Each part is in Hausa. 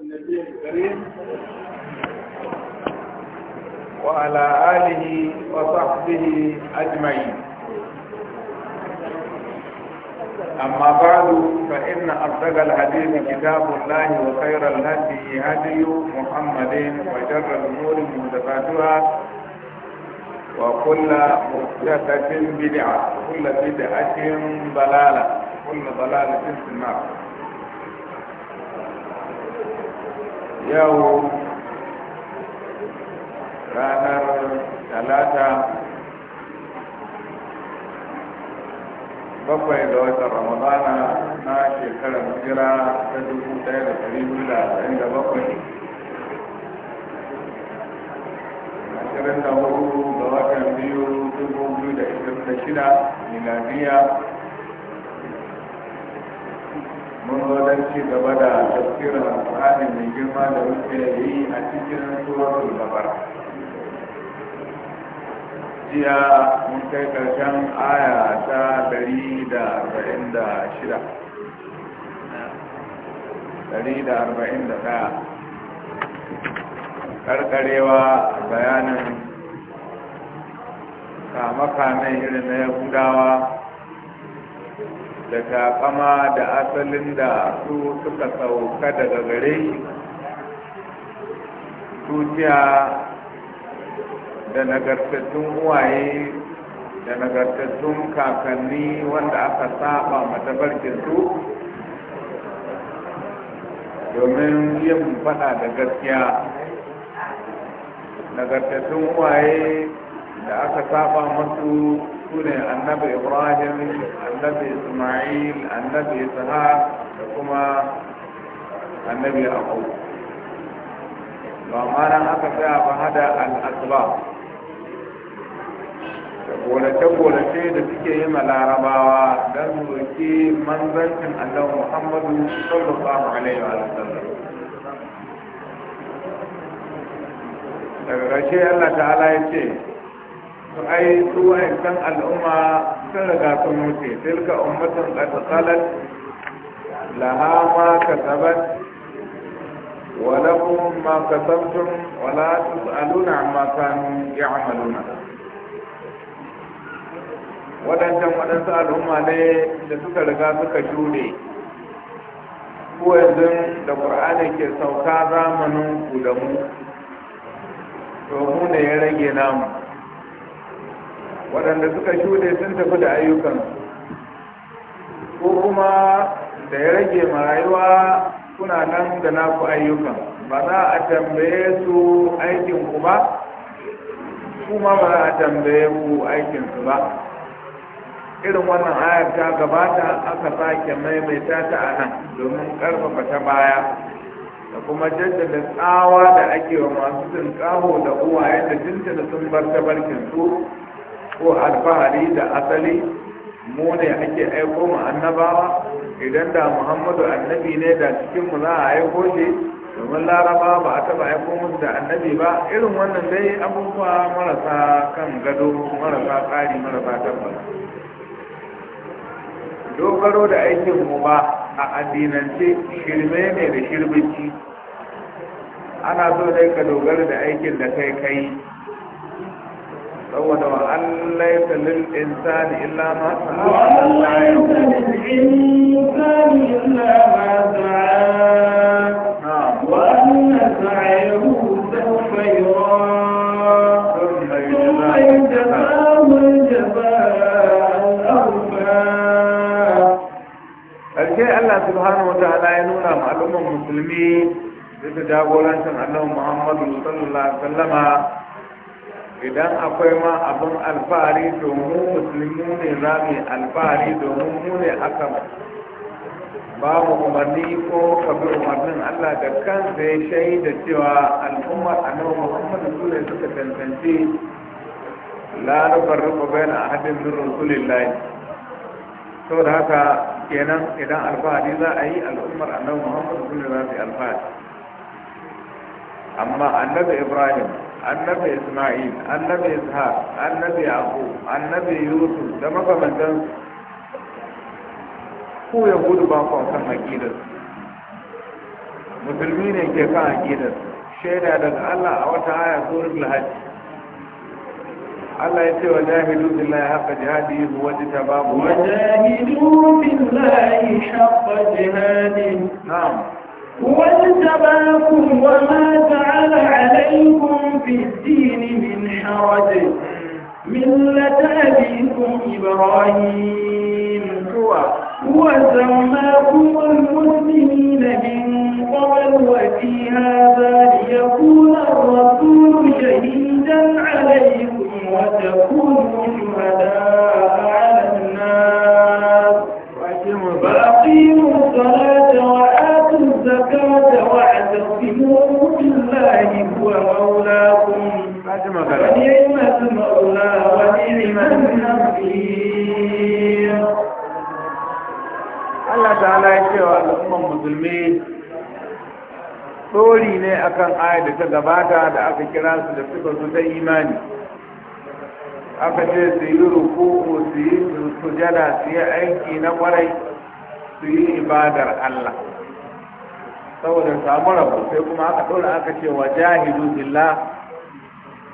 النبي الكريم وعلى آله وصحبه أجمعين أما بعد فإن أصدق الحديث كتاب الله وخير الهدي هدي محمد وشر الأمور محدثاتها وكل محدثة بدعة وكل بدعة ضلالة كل ضلالة في النار yau ranar talata bakwai da watan ramadana na shekarar jira ta dubu daya da ɗari da arba'in da bakwai ashirin da hudu da watan biyu dubu biyu da ishirin da shida miladiya mun zo don ci gaba da tafsirin alƙur'ani mai girma da muke yi a cikin suratul baqara jiya mun kai karshen aya ta dari da arba'in da shida dari da arba'in da ɗaya ƙarƙarewa bayanin kama-kamen irin na yahudawa da taƙama da asalin da su suka sauka daga gare shi tutiya da nagartattun uwaye da nagartattun kakanni wanda aka saba su domin yin faɗa da gaskiya nagartattun uwaye aka saba musu su annabi ibrahim annabi ismail annabi ishaq da kuma annabi yaqub ba ma nan aka tsaya ba hada al-asba da golace-golace da suke yi ma larabawa don roki manzancin annabi muhammadu sallallahu alaihi wa sallam daga ƙarshe allah ta'ala ya ce ai su wa'ancan al'umma sun riga sun wuce tilka ummatun qad khalat laha ma kasabat wa lakum ma kasabtum wa la tus'aluna amma kanu ya'maluna wadancan wadansu al'umma ne da suka riga suka shuɗe ko yanzu da ƙur'ani ke sauka zamanin ku da mu to mu ne ya rage namu waɗanda suka shuɗe sun tafi da ayyukan ko kuma da ya rage ma rayuwa kuna nan da naku ayyukan ba za a tambaye su aikin ku ba kuma ba za a tambaye ku aikin su ba irin wannan ayar ta gabata aka sake maimaita ta a nan domin karfafa ta baya da kuma jaddada tsawa da ake wa masu tunƙaho da uwaye da jinta sun bar barkin su ko alfahari da asali mu ne ake aiko mu annabawa idan da muhammadu annabi ne da cikinmu za a aiko shi domin laraba ba a taba aiko musu da annabi ba irin wannan dai abubuwa marasa kan gado marasa tsari marasa tabbata dogaro da aikin mu ba a addinance shirme ne da shirbici ana so dai ka dogara da aikin da kai kai saboda wa an laisa lil insani illa ma sa'a wa an laisa lil insani illa ma sa'a wa anna sa'yahu sawfa yura thumma yajzahu al-jazaa al-awfa alkai Allah subhanahu wa ta'ala ya nuna ma al'ummar musulmi bisa jagorancin Allah Muhammadu sallallahu alaihi wasallama idan akwai ma abin alfahari domin musulmi ne rami alfahari domin mu ne aka babu umarni ko kabi umarnin Allah da kansa ya da cewa al'ummar nan Muhammad su ne suka tantance la a hadin ahadin min rusulillah saboda haka kenan idan alfahari za a yi al'ummar nan Muhammadu su ne za su yi alfahari amma annabi Ibrahim annabi isma'il annabi ishaq annabi yaqub annabi yusuf da makamantan ku yahudu ba ku kan aqidar musulmi ne ke kan aqidar shaida daga Allah a wata aya suratul hajj Allah ya ce wa jahidu billahi haqqa jihadihi huwa tababu wa jahidu billahi haqqa jihadihi na'am وانتباكم وما جعل عليكم في الدين من حرج ملة أبيكم إبراهيم هو هو المسلمين من قبل وفي هذا ليكون suka gabata da aka kira su da suka su ta imani aka ce su yi rukuku su yi sujada su yi aiki na kwarai su yi ibadar Allah saboda samu rabu sai kuma aka dole aka ce wa jahidu billah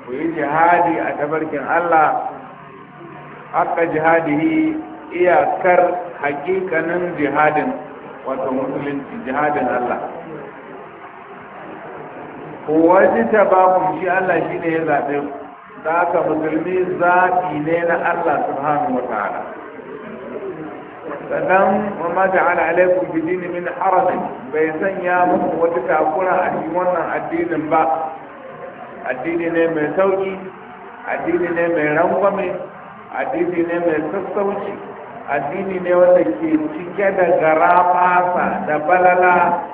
ku yi jihadi a tabarkin Allah haka jihadihi iyakar hakikanin jihadin wato musulunci jihadin Allah waje ta ba shi Allah shi ne ya zaɓe ku da aka musulmi zaɓi ne na Allah subhanahu wa ta'ala sannan ma ja'ala alaikum bi dini min harajin bai sanya muku wata takura a cikin wannan addinin ba addini ne mai sauki addini ne mai rangwame addini ne mai sassauci addini ne wanda ke cike da garafasa da balala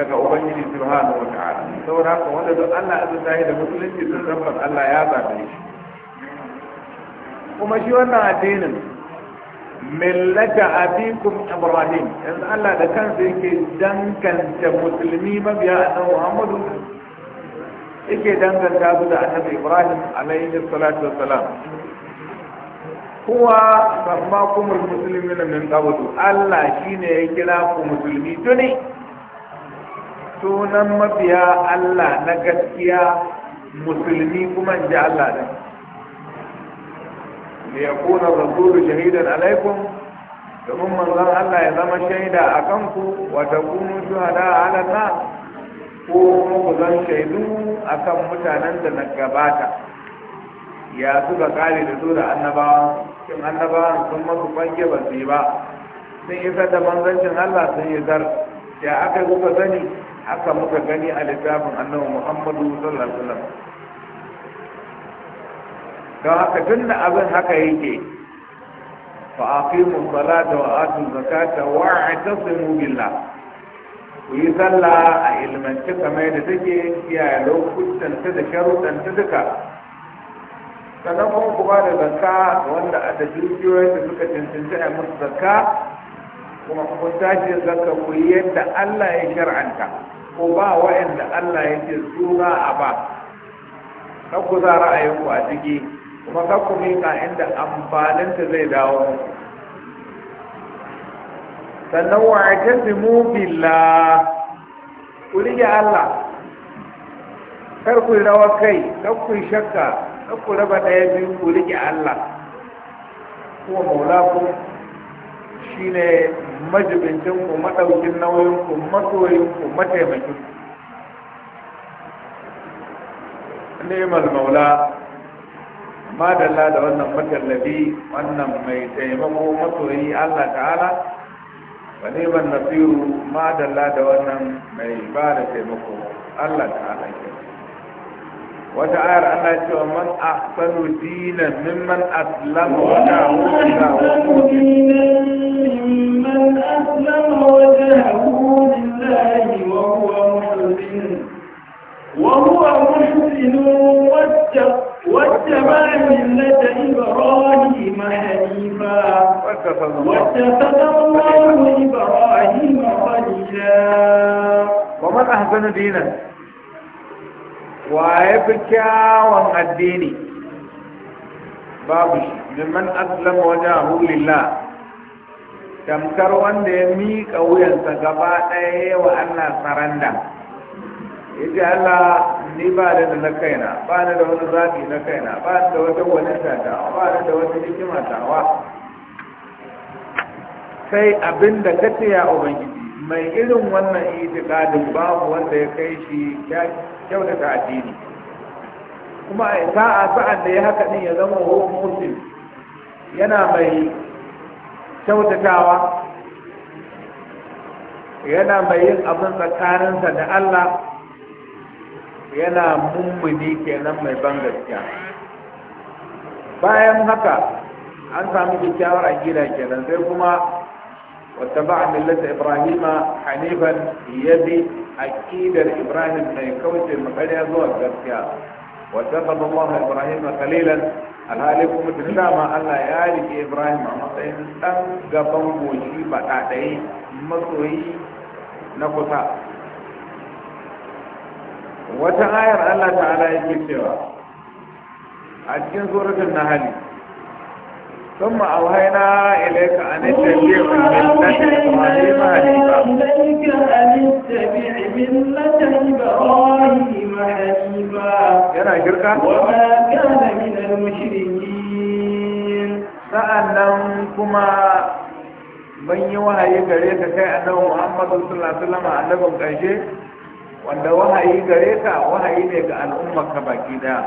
daga ubangiji subhanahu wa ta'ala saboda haka wanda don Allah azza ya da musulunci sun tabbas Allah ya zabe shi kuma shi wannan addinin millata abikum ibrahim yanzu Allah da kansa yake danganta musulmi mabiya annabi Muhammadu yake danganta su da annabi Ibrahim alaihi salatu wassalam huwa sammakumul na min qablu Allah shine ya kira ku musulmi tuni sunan mabiya Allah na gaskiya musulmi kuma in ji Allah da da ya kuna rasulu shahidan alaikum domin manzon Allah ya zama shaida a kanku wata kunu shuhada a na? ko kuma ku zan shaidu a kan mutanen da na gabata ya suka kare da su da annabawan shin annabawan sun masu kwanke ba su yi ba sun isa da manzancin Allah sun zar. ya aka yi kuka sani haka muka gani a littafin annabi muhammadu sallallahu alaihi wasallam don haka tun da abin haka yake fa aqimu salata wa atu zakata wa i'tasimu billah ku yi sallah a ilmance kamar da take kiyaye lokutan ta da sharuɗan ta duka sannan kuma ku ba da zakka wanda a da dukiyoyin da suka cancanci a musu zakka kuma kun tashi zaka ku yadda Allah ya shar'anta ko ba wa'anda Allah ya ce su za a ba kan ku za ra'ayinku a ciki kuma kan ku miƙa inda amfaninta zai dawo sannan wa mu billah ku rige Allah kar ku rawa kai kar ku shakka kar ku raba ɗaya biyu ku rige Allah kuma maulakun shine majibincin ku madaukin nauyin ku masoyin ku mataimakin ku neman maula madalla da wannan matallabi wannan mai taimako masoyi Allah ta'ala wa ni'mal nasiru madalla da wannan mai ba da taimako Allah ta'ala kenan wata ayar ana cewa man ahsanu dinan mimman aslama wajhahu lillahi wa huwa muhsin wa huwa muhsin واتبع ملة إبراهيم حنيفا واتخذ الله إبراهيم خليلا ومن أحسن دينا waye fi kyawun addini babu shi liman aslama wajahu lillah tamkar wanda ya miƙa wuyansa gaba ɗaya wa Allah saranda yace Allah ni ba da na kaina ba da da wani zafi na kaina ba da wata wani tata ba da da wata hikima tawa sai abin da ka ce ya ubangiji mai irin wannan itikadin babu wanda ya kai shi kyautata addini kuma a sa'a sa'an da ya haka din ya zama wa muslim yana mai kyautatawa yana mai yin abin tsakaninsa da Allah yana mummuni kenan mai ban gaskiya bayan haka an samu kyakkyawar a gida kenan sai kuma واتبع ملة إبراهيم حنيفا يدي أكيد إبراهيم سيكوت المقالية ذو الزكاة واتخذ الله إبراهيم خليلا الهالك متنسامة ألا يالك إبراهيم عمطين أن قبوا وشيبة أعدي مصري نقصا وتغير الله تعالى يكتبها أتكن سورة النهلي ثم أوهينا إليك أن اتبع ملة إبراهيم حنيفا yana shirka? sa'annan kuma ban yi wahayi gare ka kai annabi muhammadu sallallahu alaihi wasallam ƙarshe wanda wahayi gare ka wahayi ne ga al'ummar ka baki daya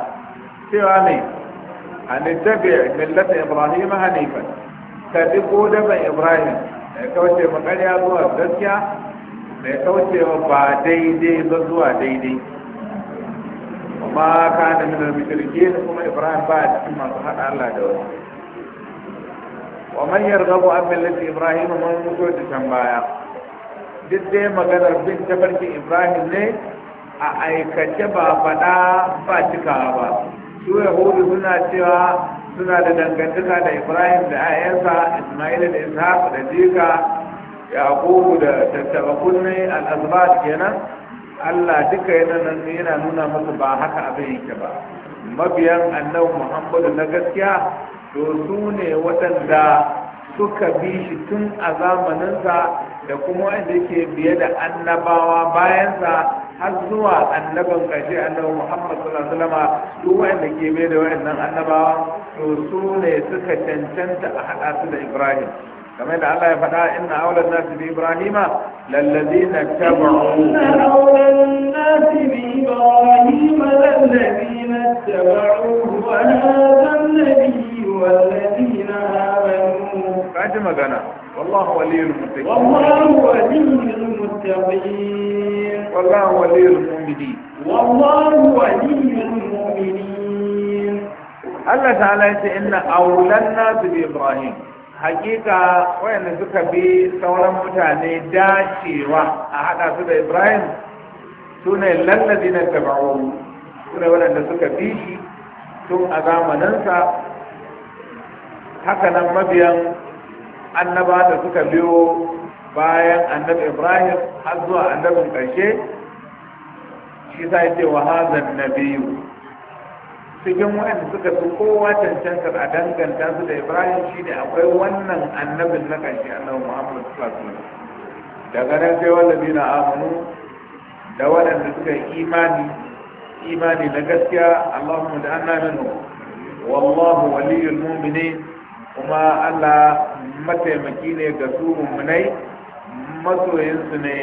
cewa ne an tabi'a millata ibrahim hanifan ka bi ko daban ibrahim mai kauce ma zuwa gaskiya mai kauce ba daidai ba zuwa daidai kuma ibrahim ba cikin masu haɗa allah da wasu wa man yarghabu an millati ibrahim man mutu duk maganar bin ibrahim ne a aikace ba faɗa ba ba su yahudu suna cewa suna da dangantaka da ibrahim da ayansa isma'il da ishaq da jika yaqubu da tattaba kunne al-azbat kenan Allah duka yana yana nuna masa ba haka abin yake ba mabiyan annabi muhammadu na gaskiya to su ne waɗanda suka bi shi tun a zamaninsa da kuma wanda yake biye da annabawa bayansa har zuwa annaban ƙarshe annabi Muhammad sallallahu alaihi wasallam duk wanda ke bai da wayannan annabawa to su ne suka cancanta a hada su da Ibrahim kamar da Allah ya faɗa inna awlan nas bi ibrahima lallazina tabu'u inna awlan nas bi ibrahima lallazina tabu'u wa hadha an-nabiyyu wallazina amanu kaji magana والله ولي المتقين والله ولي المتقين والله ولي المؤمنين والله ولي المؤمنين الله تعالى إن أولى الناس بإبراهيم hakika wayanda suka bi sauran mutane dacewa a hada su da ibrahim su ne lallazi na taba'u su ne waɗanda suka bi shi tun a zamaninsa haka nan mabiyan annaba da suka biyo bayan annab ibrahim har zuwa annabin karshe shi sa yake wa hazan nabiyu cikin wanda suka fi kowa cancantar a danganta su da ibrahim shi ne akwai wannan annabin na ƙarshe annabi muhammad sallallahu alaihi daga nan sai bi na amanu da waɗanda suka yi imani imani na gaskiya allahumma da annabinu wallahu waliyul mu'minin kuma Allah mataimaki ne ga su mummunai masoyinsu ne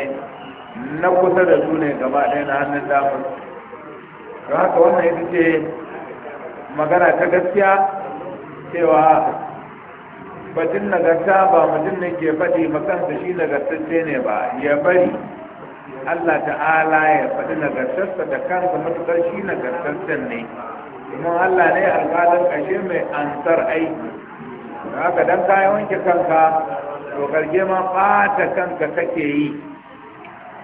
na kusa da su ne gaba ɗaya na hannun damar don haka wannan ita ce magana ta gaskiya cewa batun nagarta ba mutum ne ke faɗi makansa shi nagartacce ne ba ya bari Allah ta'ala ya faɗi nagartarsa da kansa matuƙar shi nagartarsa ne kuma Allah ne alƙalin ƙashe mai ansar aiki haka dan ka wanke kanka to karge ma ɓata kanka kake yi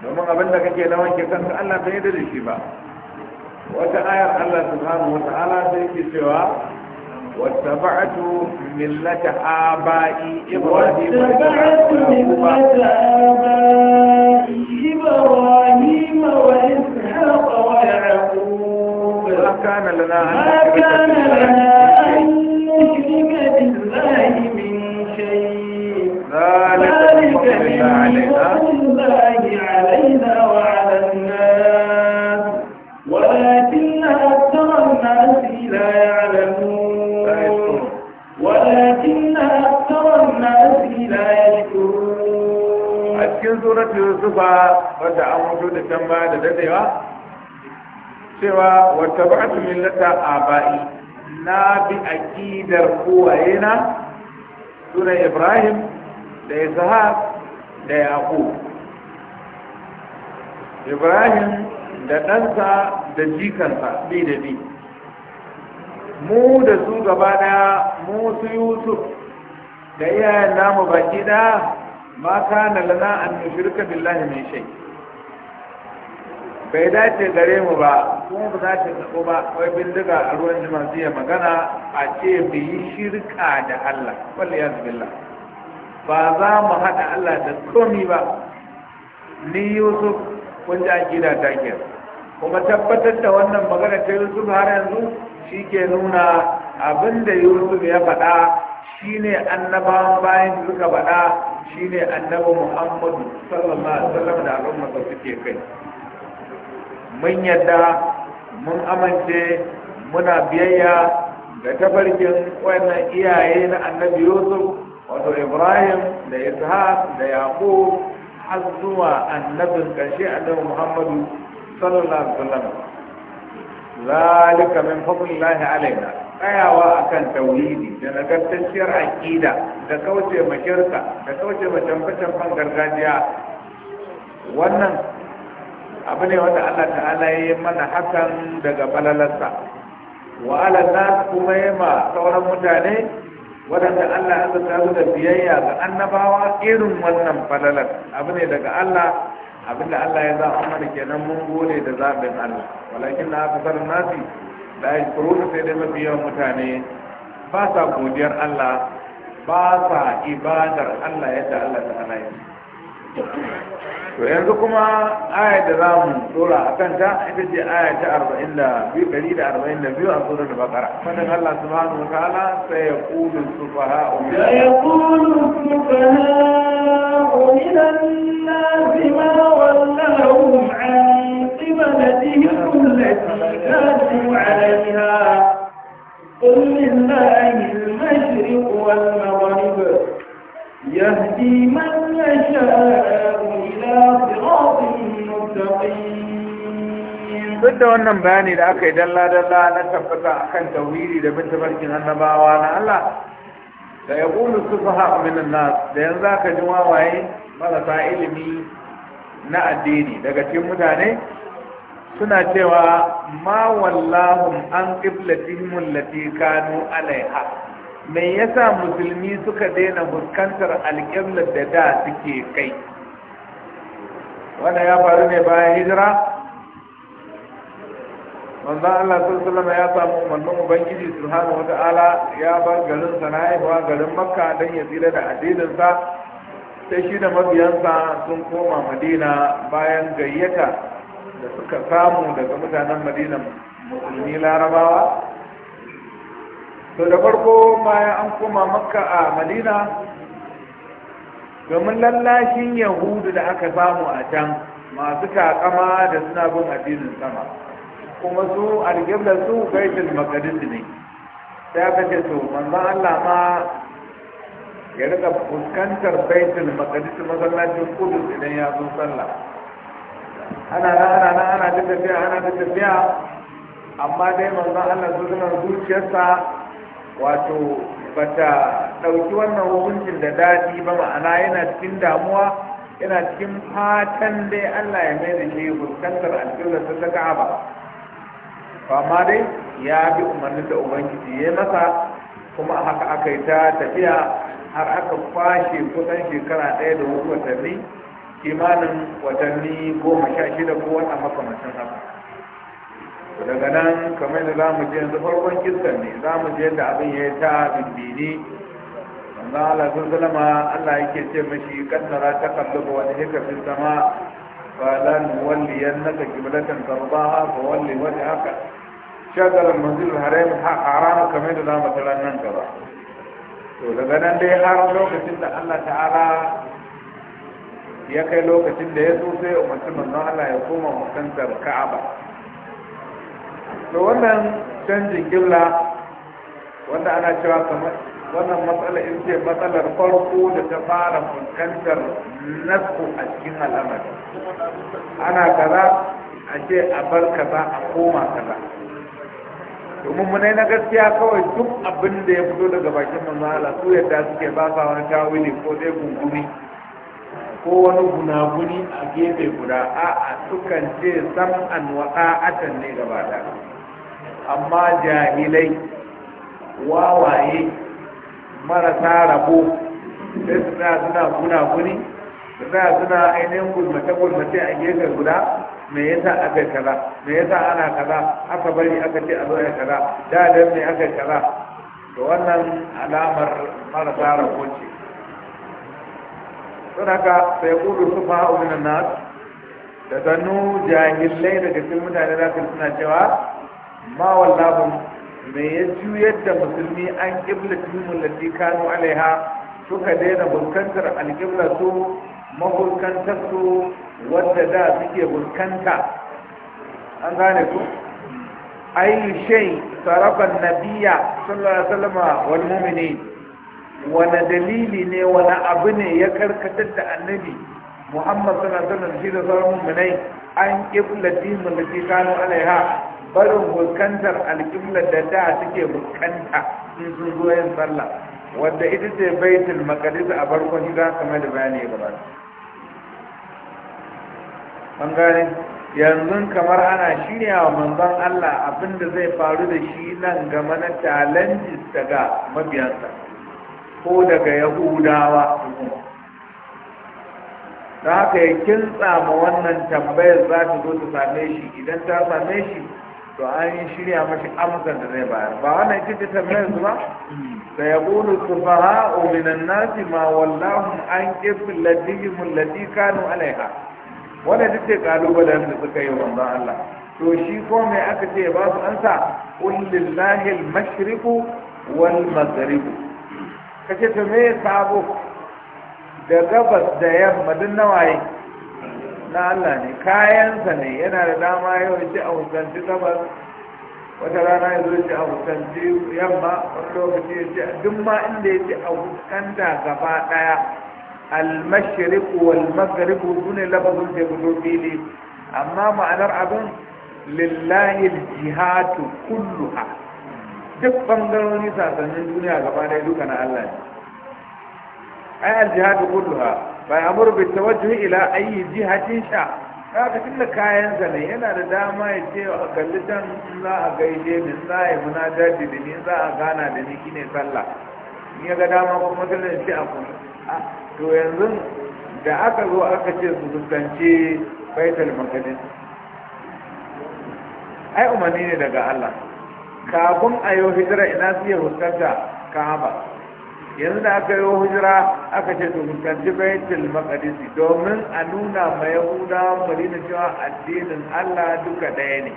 domin abin da kake na wanke kanka Allah bai yarda da shi ba wata ayar Allah subhanahu wa ta'ala sai yake cewa واتبعت ملة آبائي إبراهيم واتبعت ملة آبائي إبراهيم وإسحاق ويعقوب ما كان لنا أن da dadewa cewa wata ba'atu millata aba'i na bi aqidar kowaye na suna ibrahim da ishaq da yaqub ibrahim da ɗansa da jikansa bi da bi mu da su gaba daya mu su yusuf da iyayen namu baki daya ma kana lana an shirka billahi mai shay' bai dace gare mu ba kuma ba za ta tabo ba wai bindiga a ruwan jima zai magana a ce mu yi shirka da Allah wallahi ya zubilla ba za mu haɗa Allah da komi ba ni Yusuf wanda akida ta ke kuma tabbatar da wannan magana ta Yusuf har yanzu shi ke nuna abinda Yusuf ya faɗa shine annabawan bayan suka faɗa shine annabi Muhammadu sallallahu alaihi wasallam da al'umma suke kai mun yadda mun amince muna biyayya ga tafarkin wannan iyaye na annabi yusuf wato ibrahim da ishaq da yaqub har zuwa annabin ƙarshe annabi muhammadu sallallahu alaihi wasallam zalika min fadlillahi alaina tsayawa akan tauhidi da nagartacciyar aƙida da kauce ma shirka da kauce ma canfe-canfen gargajiya wannan abu ne wanda Allah ta'ala ya yi mana hakan daga falalarsa wa ala nas kuma ya ma sauran mutane waɗanda Allah ya zata da biyayya ga annabawa irin wannan falalar abu ne daga Allah abinda Allah ya zaɓa mana kenan mun gode da zaɓin Allah walakin na aka sarar nasi da ya kuro sai dai mafi yawan mutane ba sa godiyar Allah ba sa ibadar Allah yadda Allah ta yi. to yanzu kuma ayat da za mu tsora a kanta ita ce ayat ta 142 a surar bakara fadin Allah subhanahu wa ta'ala sai ya kudu sufaha umma ya yaqulu sufaha min an-nas ma wallahum an qiblatihim allati kanu 'alayha qul lillahi al-mashriq wal maghrib يهدي من يشاء إلى صراط مستقيم duk da wannan bayani da aka yi dalla-dalla na tabbata a kan tawiri da bin tafarkin annabawa na Allah da ya ƙulu su faha da yanzu ka ji wawaye marasa ilimi na addini daga cikin mutane suna cewa ma wallahum an qiblatihim allati kanu alaiha me yasa musulmi suka daina fuskantar alƙiblar da da suke kai wanda ya faru ne bayan hijira wanda Allah sallallahu ya samu umarnin ubangiji subhanahu wata'ala ya bar garin sana'a garin makka don ya tsira da addininsa sai shi da mabiyansa sun koma madina bayan gayyata da suka samu daga mutanen madina musulmi larabawa to da farko bayan an koma makka a madina domin lallashin yahudu da aka samu a can masu takama da suna bin addinin sama kuma su algibla su baitul maqdis ne sai aka ce to manzon Allah ma ya rika fuskantar baitul maqdis masallacin kudus idan ya zo sallah ana na ana na ana ta tafiya ana ta tafiya amma dai manzon Allah su zuciyarsa wato bata ɗauki wannan hukuncin da daɗi ba ma'ana yana cikin damuwa yana cikin fatan dai Allah ya mai da shi fuskantar alƙiblar ta ta ka'aba amma dai ya fi umarni da ubangiji ya masa kuma haka aka yi ta tafiya har aka kwashe kusan shekara ɗaya da wasu watanni kimanin watanni goma sha shida ko wata makamancin haka daga nan kamar da za mu je yanzu farkon kistan ne za mu je da abin ya yi ta bindini, wanda Allah sun zalama Allah yake ce mashi kaddara ta kallubu wani hikafin sama ba falan walliyan naka kiblatan tarbaha ba walli wani haka shagarar manzil haram haram kamar da za mu tara nan gaba to daga nan dai har lokacin da Allah ta'ala ya kai lokacin da ya so sai umarci manzon Allah ya koma musantar Ka'aba to wannan canjin kibla wanda ana cewa kamar wannan matsala in ce matsalar farko da ta fara fuskantar nasu a cikin al'amari ana kaza a ce a bar kaza a koma kaza domin munai na gaskiya kawai duk abin da ya fito daga bakin manzala su yadda suke ba sa wani ko dai gungumi ko wani gunaguni a gefe guda a'a sukan ce sam'an wa a'atan ne gaba da amma jahilai wawaye marasa rabo sai suna suna gunaguni suna suna ainihin gulmace gulmace a gefe guda me yasa aka kaza me yasa ana kaza aka bari aka ce a zo ya kaza da dan me aka kaza to wannan alamar marasa rabo ce suna ka sai kudu su fa'a ominan nasu. da sannu jahilai daga cikin mutane za su suna cewa ma wallahum me ya juyar da musulmi an kibla timun lati kanu alaiha suka daina buskantar alkibla su mabuskantar su wadda da suke buskanta an gane ku ayi shay sarafa nabiyya sallallahu alaihi wasallam wal mu'minin wani dalili ne wani abu ne ya karkatar da annabi muhammad suna alaihi wasallam shi da sauran munai an ƙibla dinin da ke kano alaiha barin fuskantar alkibla da da suke fuskanta in sun zo yin sallah wadda ita ce baitul maqdis a farkon hijira kamar da bayani ya gabata an gane yanzu kamar ana shirya wa manzon Allah da zai faru da shi nan game na challenges daga mabiyansa ko daga yahudawa da haka yi kintsa ma wannan tambayar za ta zo ta same shi idan ta same shi to an yi shirya mashi amsar da zai bayar ba wannan ita ta tambayar su ba da ya kulu sufaha ominan nasi ma wallahu an kifin ladihim ladi kanu alaiha wannan ita ce kalubalen da suka yi wanzan Allah to shi ko mai aka ce ba su ansa qul mashiriku al-mashriqu wal maghribu ka ce to me sabo da gabas da yamma duk nawa yi na Allah ne kayansa ne yana da dama yau ce a husanci gabas wata rana ya zo ce a husanci yamma wani lokaci ya ce duk ma inda ya ce a huskanta gaba daya almashriqu wal maghribu dune lafazin da fito fili amma ma'anar abin lillahi aljihatu kulluha duk bangarori sasannin duniya gaba ɗaya duka na Allah ne ai aljihadu kulluha bai amuru bi tawajjuh ila ayi jihatin sha kaga tunda kayan sa ne yana da dama ya ce a kalli dan za a gaide ni za a yi munajati da ni za a gana da ni kine sallah ni ga dama ko matsalar shi a kuma to yanzu da aka zo aka ce su fuskanci baitul maqdis ai umarni ne daga Allah kafin a yi hijira ina su yi fuskanta ka'aba yanzu da aka yi hijira aka ce su fuskanci baitul maqdisi domin a nuna ma yahuda madina cewa addinin Allah duka ɗaya ne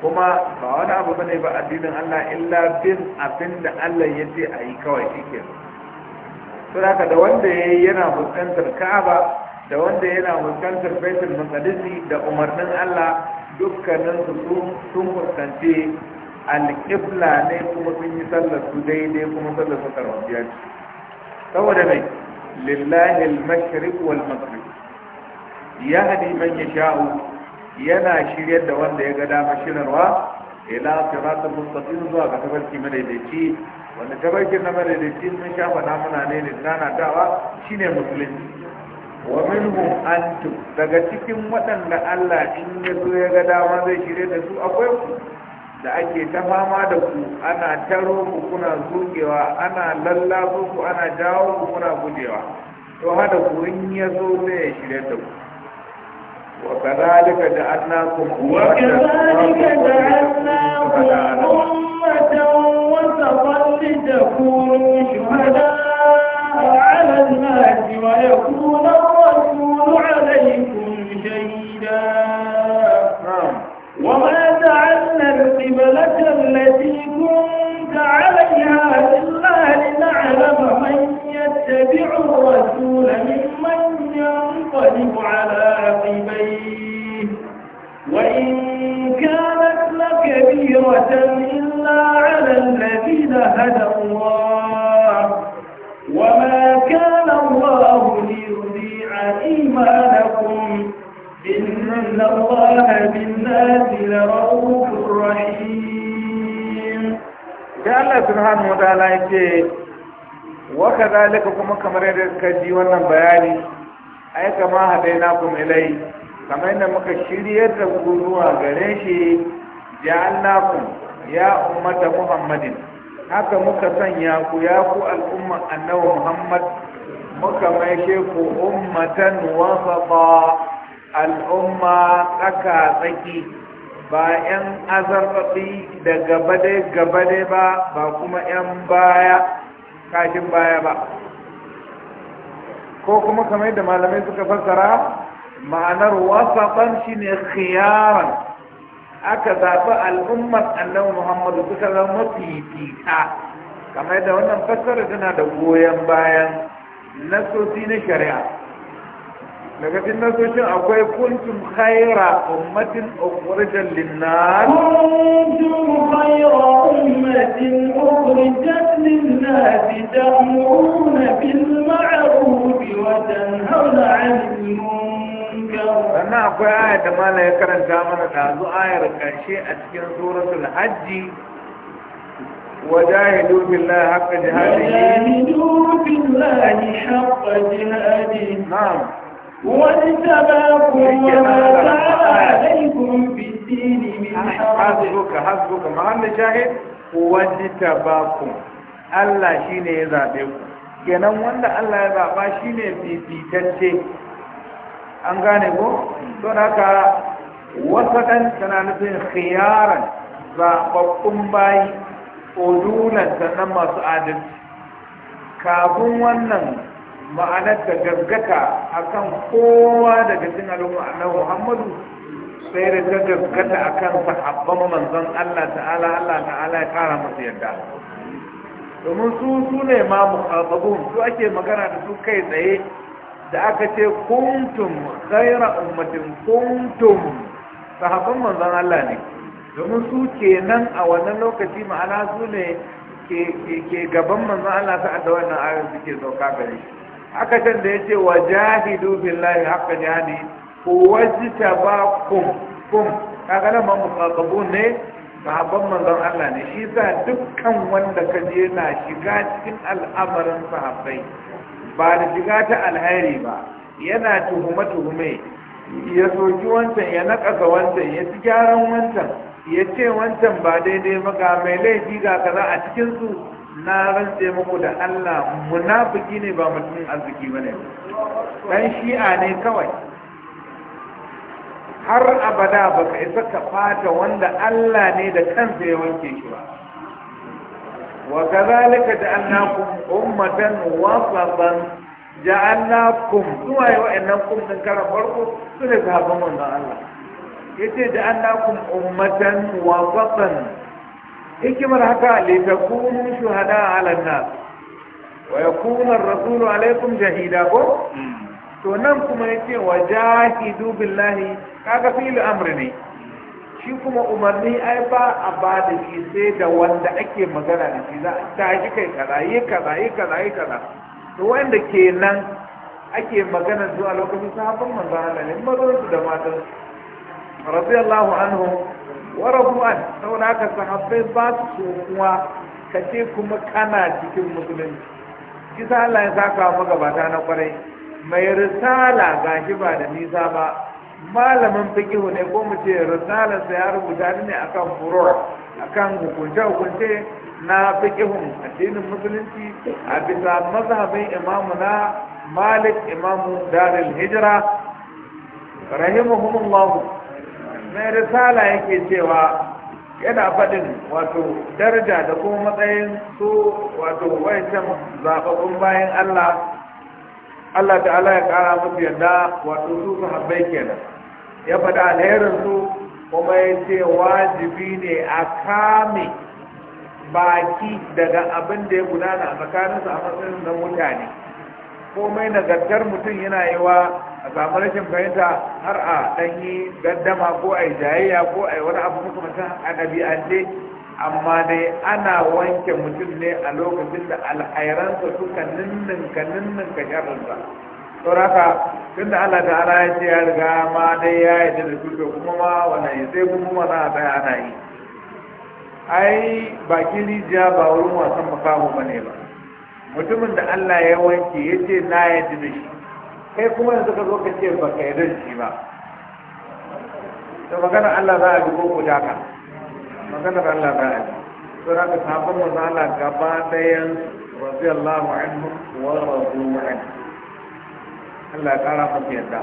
kuma ba wani abu bane ba addinin Allah illa bin abin da Allah ya ce a yi kawai shike to haka da wanda yayi yana fuskantar Ka'aba da wanda yana fuskantar Baitul Maqdisi da umarnin Allah dukkanin su sun fuskanci alƙibla ne kuma sun yi sallar su daidai kuma sallar su karfafiya ce saboda mai lillahi al-mashriq wal maghrib hadi man yasha'u yana shiryar da wanda ya ga dama shirarwa ila siratal mustaqim zuwa ga tabarki madaidaici wanda tabarki na madaidaici sun shafa na muna ne da dawa shine musulunci wa minhum antum daga cikin waɗanda Allah in ya zo ya ga dama zai shirye da su akwai ku da ake ta fama da ku ana taro ku kuna zugewa ana lallabo ku ana jawo ku kuna gujewa to hada ku in ya zo sai ya shirya da ku وكذلك جعلناكم وكذلك جعلناكم أمة وسطا لتكونوا شهداء على الناس ويكونوا التي كنت عليها إلا لنعلم من يتبع الرسول ممن ينقلب على عقبيه وإن كانت لكبيرة إلا على الذين هدى الله وما كان الله ليضيع إيمانكم إن الله بالناس لرؤوف رحيم Allah subhanahu wa ta'ala yake wa kadhalika kuma kamar yadda ka ji wannan bayani ai kama hadaina kum ilai kamar yadda muka shiryar da ku zuwa gare shi ku ya ummata muhammadin haka muka sanya ku ya ku al'umma annabi muhammad muka maishe ku ummatan wasata al'umma tsaka tsaki ba 'yan azarbaɗi da gabade-gabade ba ba kuma 'yan baya kashin baya ba ko kuma kamar da malamai suka fassara ma'anar wasaɓan shine khiyaran aka zaɓi al'ummar annabi muhammadu suka zama mafifita kamar da wannan fassara tana da goyon bayan nasosi na shari'a daga cikin nasoshin akwai kuntum khaira ummatin ukhrijat lin-nas kuntum khaira ummatin ukhrijat lin-nas ta'muruna bil ma'ruf wa tanhauna 'anil munkar sannan akwai ayar da mala ya karanta mana dazu ayar karshe a cikin suratul hajji وجاهدوا بالله حق جهاده وجاهدوا بالله حق جهاده نعم واجتباكم وما جعل Allah shi ne ya zaɓe ku kenan wanda Allah ya zaɓa shi ne fifitacce an gane ko to da wasu ɗan tana nufin khiyaran zaɓaɓɓun bayi odulan sannan masu adalci kafin wannan ma'anar da gaggata a kan kowa daga alamu al'umma na Muhammadu sai da ta gaggata kan sahabban manzon Allah ta'ala Allah ta'ala ya kara musu yadda domin su su ne ma muhabbabun su ake magana da su kai tsaye da aka ce kuntum khaira ummatin kuntum sahabban manzon Allah ne domin su kenan a wannan lokaci ma'ana su ne ke gaban manzon Allah Ta'ala, da wannan ayoyin suke sauka gare shi haka can da ya ce wa jahidu billahi haka jihadi ba kum kaga nan ma muqaqabun ne sahabban manzon Allah ne shi sa dukkan wanda ka je na shiga cikin al'amarin sahabbai ba da shiga ta alheri ba yana tuhume tuhume ya soki wancan ya nakasa wancan ya ci gyaran wancan ya ce wancan ba daidai ba mai laifi ga kaza a cikin su na rantse muku da Allah munafiki ne ba mutum arziki bane dan shi'a ne kawai har abada ba ka isa ka fata wanda Allah ne da kansa ya wanke shi ba wa kazalika annakum ummatan wasatan ja'alnakum zuwa yau annan kum din karan farko su ne sahabban manzon Allah yace annakum ummatan wasatan hikimar haka litakunu shuhada ala nas wa yakuna ar-rasulu alaikum shahida ko to nan kuma yace wa jahidu billahi kaga fil amri ne shi kuma umarni ai ba a ba da shi sai da wanda ake magana da shi za a tashi kai kaza yi kaza yi kaza yi kaza to wanda kenan ake magana zuwa lokacin sabon manzo Allah ne da matan radiyallahu anhu wa a saboda haka sahabbai ba su kuma ka ce kuma kana cikin musulunci kisa Allah ya saka mu gabata na kwarai mai risala gashi ba da nisa ba malamin fikihu ne ko mu ce risalarsa ya rubuta ne akan furor akan hukunce-hukunce na fikihun addinin musulunci a bisa mazhabin imamu na malik imamu daril hijira rahimahumullahu mai risala yake cewa yana faɗin wato daraja da kuma matsayin su wato can zaɓaɓɓun bayan Allah Allah ta'ala ya ƙara musu yadda wato su su habbai kenan ya faɗi alherin su kuma ya ce wajibi ne a kame baki daga abin da ya gudana a tsakaninsu a matsayin na mutane komai nagartar mutum yana yi wa a samu rashin fahimta har a ɗanyi gaddama ko a yi jayayya ko a yi wani abu makamancin a ɗabi'ance amma dai ana wanke mutum ne a lokacin da alhairansa suka ninninka ninninka sharrinsa sauraka tun da Allah ta'ala ya ce ya riga ma dai ya yi da su kuma ma wani ya sai kuma wani a tsaya ana yi ai bakin rijiya ba wurin wasan makamu ne ba mutumin da Allah ya wanke ya ce na yadda da shi kai kuma yanzu ka zo ka ce ba ka yarda da shi ba da maganar Allah za a ji ko daka maganar Allah za a ji to da ka sabon manzo Allah gaba dayan radiyallahu anhu wa radu anhu Allah ya kara maka yadda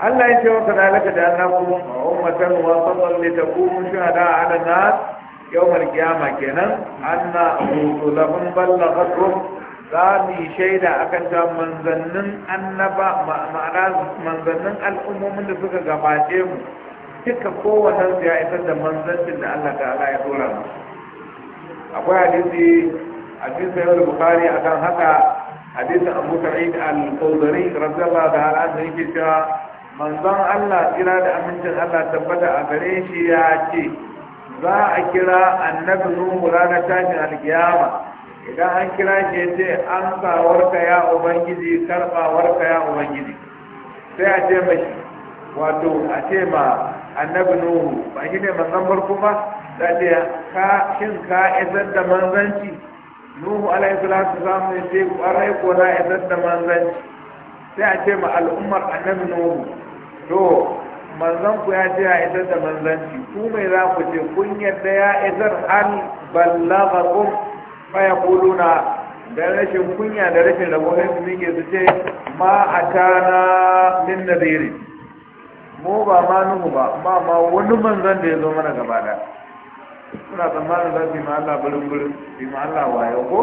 Allah ya ce wa kadalaka da annabu ummatan wa sallallahu litakumu shuhada ala nas yawmar kiyama kenan anna rusulahum ballaghatuhum za mu yi shaida a kan ta manzannin annaba ma'ana manzannin al'ummomin da suka gabace mu duka kowannen su ya isar da manzancin da Allah ta'ala ya dora mu akwai hadisi a cikin bukari a kan haka hadisi Abu Sa'id al-Khudri radiyallahu ta'ala da yake cewa manzon Allah kira da amincin Allah tabbata a gare shi ya ce za a kira annabi nuhu ranar tashin alkiyama idan an kira shi ya ce an kawarka ya ubangiji karɓawarka ya ubangiji sai a ce mashi wato a ce ma annabi nuhu ba shi ne manzan farko ba da ce ka shin ka isar da manzanci nuhu alaihi salatu zamu ne ce kwarai ko na isar da manzanci sai a ce ma al'ummar annabi nuhu to manzan ku ya ce ya isar da manzanci ku mai za ku ce kun yadda ya isar an ballaghakum fa yaquluna da rashin kunya da rashin rabon su muke su ce ma a na min nadiri mu ba ma nuhu ba ma ma wani manzan da ya zo mana gaba da suna tsammanin za su yi ma birin-birin su yi ma wayo ko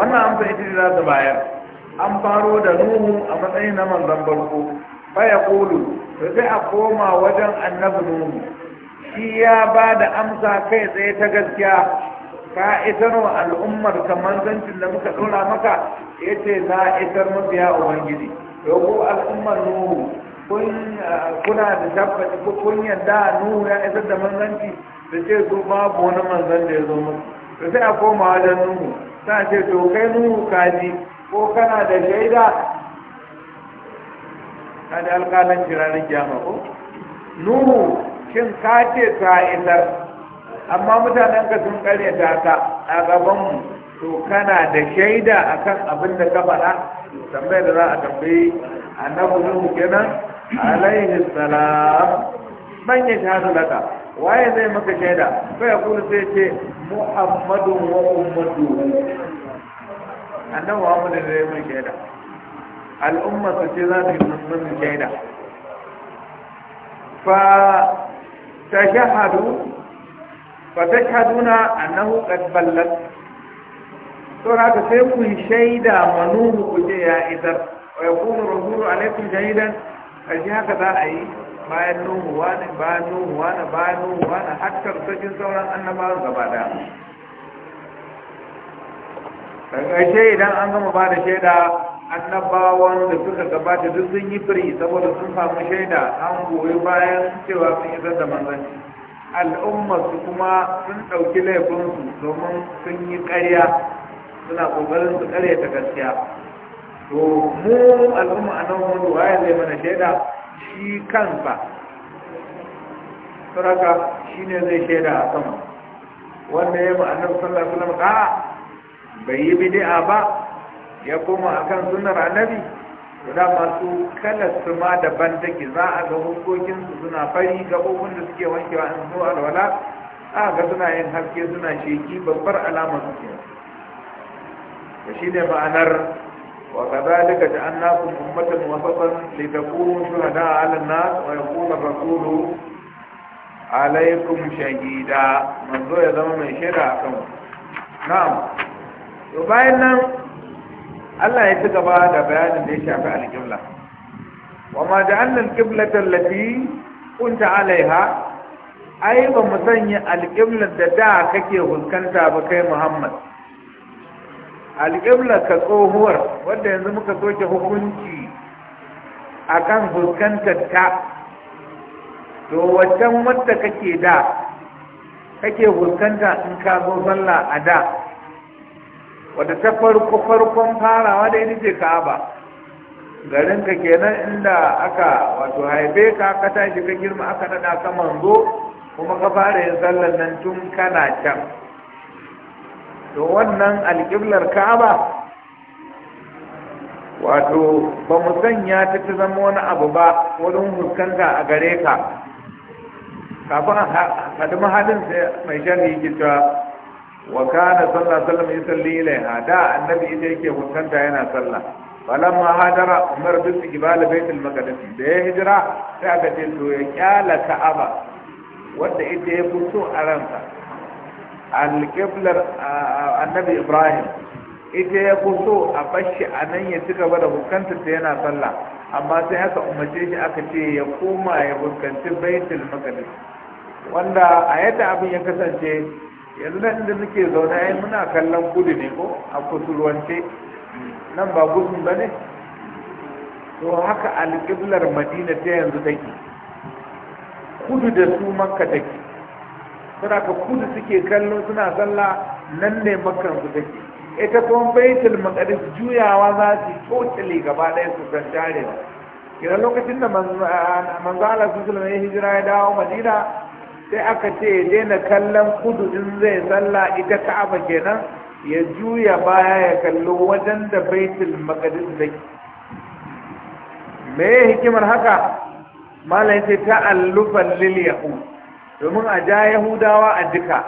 wannan amsa ita ne za su bayar an faro da nuhu a matsayin na manzan farko faya kulu to sai a koma wajen annabi nuhu shi ya ba da amsa kai tsaye ta gaskiya ka itar wa al'ummar kamar zancin da muka ɗora maka ya ce isar itar ya ubangiji to ko al'ummar nuhu kuna da tabbaci ko kun yarda nuhu ya isar da manzanci da ce su babu wani manzan da ya zo musu to sai a koma wajen nuhu sa ce to kai nuhu kaji ko kana da shaida ka da alƙalanci ranar ko nuhu shin ka ce ta isar amma mutanen ka sun ta ka a gabanmu to kana da shaida akan abin da ka faɗa tambayar da za a tambayi annabi nuhu kenan alaihi salam man ya shahadu laka waye zai maka shaida fa ya kuma sai ce muhammadu wa ummatu annabi muhammadu zai maka shaida al'umma su ce za su yi musulmin shaida fa ta shahadu fa ta shahaduna annahu qad ballat to haka sai ku shaida manuhu ku ce ya idar wa yakunu rasulu alaikum shahidan kashi haka za a yi bayan nuhu wani bayan nuhu wani bayan nuhu wani hakkar sakin sauran annabawan gaba daya daga idan an gama ba da shaida annabawan da suka gabata duk sun yi firi saboda sun samu shaida an goyi bayan cewa sun isar da manzanci su kuma sun ɗauki laifinsu domin sun yi ƙarya suna ƙoƙarin su ƙarya ta gaskiya to mu al'umma a nan wani waye zai mana shaida shi kansa saraka shi ne zai shaida a sama wanda ya ma'anar sallallahu alaihi wasallam ka bai yi bid'a ba ya koma akan sunar annabi da masu kalasta da ma da bandaki za a ga su suna fari ga gabobin da suke wankewa in su alwala a ga suna yin haske suna sheki babbar alama suke da shi ne ma'anar wa da ja'alnakum ummatan wasatan litakunu shuhada'a 'ala an na wa ya kuma rasulu alaikum shahida manzo ya zama mai shaida akan na'am to bayan nan Allah ya ci gaba da bayanin da ya shafi alƙibla wa ma ja'alna alqiblata allati kunta alaiha ai ba mu sanya alƙibla da da kake hukunta ba kai Muhammad Alƙibla ka tsohuwar wanda yanzu muka soke hukunci akan huskantar ta to waccan wadda kake da kake in ka zo sallah a da wata ta farko farkon farawa da ita ce ka'aba garinka kenan inda aka wato haife ka ka tashi ka girma aka nada ka manzo kuma ka fara yin sallar nan tun kana can to wannan alƙiblar ka'aba wato ba mu sanya ta ta zama wani abu ba wurin fuskanta a gare ka kafin a haɗin mai shan yi wa kana sallallahu alaihi wasallam yusalli ilaiha da annabi ita yake hukunta yana sallah falamma hadara umar bin ibal baitul maqdis da ya hijira sai aka ce to ya kyala ka'aba wanda ita ya fito a ransa alqiblar annabi ibrahim ita ya fito a bashi a nan ya ci gaba da hukunta ta yana sallah amma sai aka umarce shi aka ce ya koma ya huskanci baitul maqdis wanda a yadda abin ya kasance yanzu nan inda suke zaune ai muna kallon kudu ne ko a kusurwance nan ba gudun ba ne to haka alƙiblar madina ta yanzu take kudu da su makka take suna ka kudu suke kallo suna sallah nan ne makkan su take ita kuma baitul maqdis juyawa za su totale gaba ɗaya su san ba. kira lokacin da manzo Allah sallallahu alaihi wasallam ya hijira ya dawo madina sai aka ce ya daina kallon kudu in zai sallah ita ka'aba kenan ya juya baya ya kallo wajen da baitul maqdis zai me hikimar haka malai ce ta'allufan lil yahud domin a ja yahudawa a duka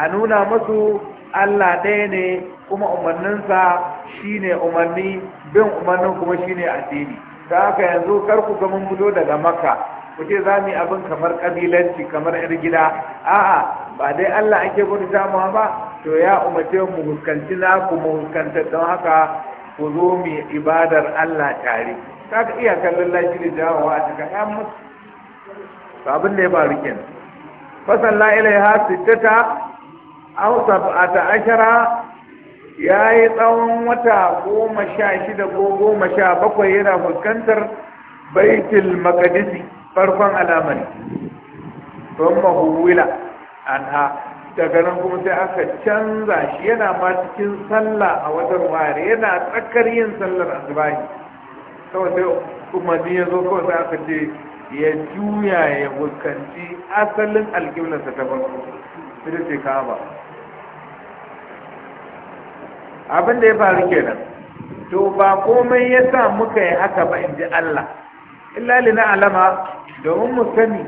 a nuna musu Allah ɗaya ne kuma umarninsa shine umarni bin umarnin kuma shine addini ta haka yanzu kar ku ga mun fito daga makka ku ce za mu yi abin kamar kabilanci kamar yar gida a'a ba dai Allah ake gudu damuwa ba to ya umarce mu huskanci na ku mu huskanta don haka ku zo mu ibadar Allah tare kaga iya kallon lafiya jawowa a cikin ya musu abin da ya faru kenan fasalla ilaiha sittata aw sab'ata ashara ya yi tsawon wata goma sha shida ko goma sha bakwai yana fuskantar baitul makadisi farkon alamar don mahuwila an ha daga nan kuma sai aka canza shi yana ma cikin sallah a wata ware yana tsakar yin sallar asibahi kawai sai umarni ya zo kawai sai aka ce ya juya ya fuskanci asalin alƙiblarsa ta farko sai ce ba. abin da ya faru kenan to ba komai ya sa muka yi haka ba in ji Allah illa na alama domin mu sani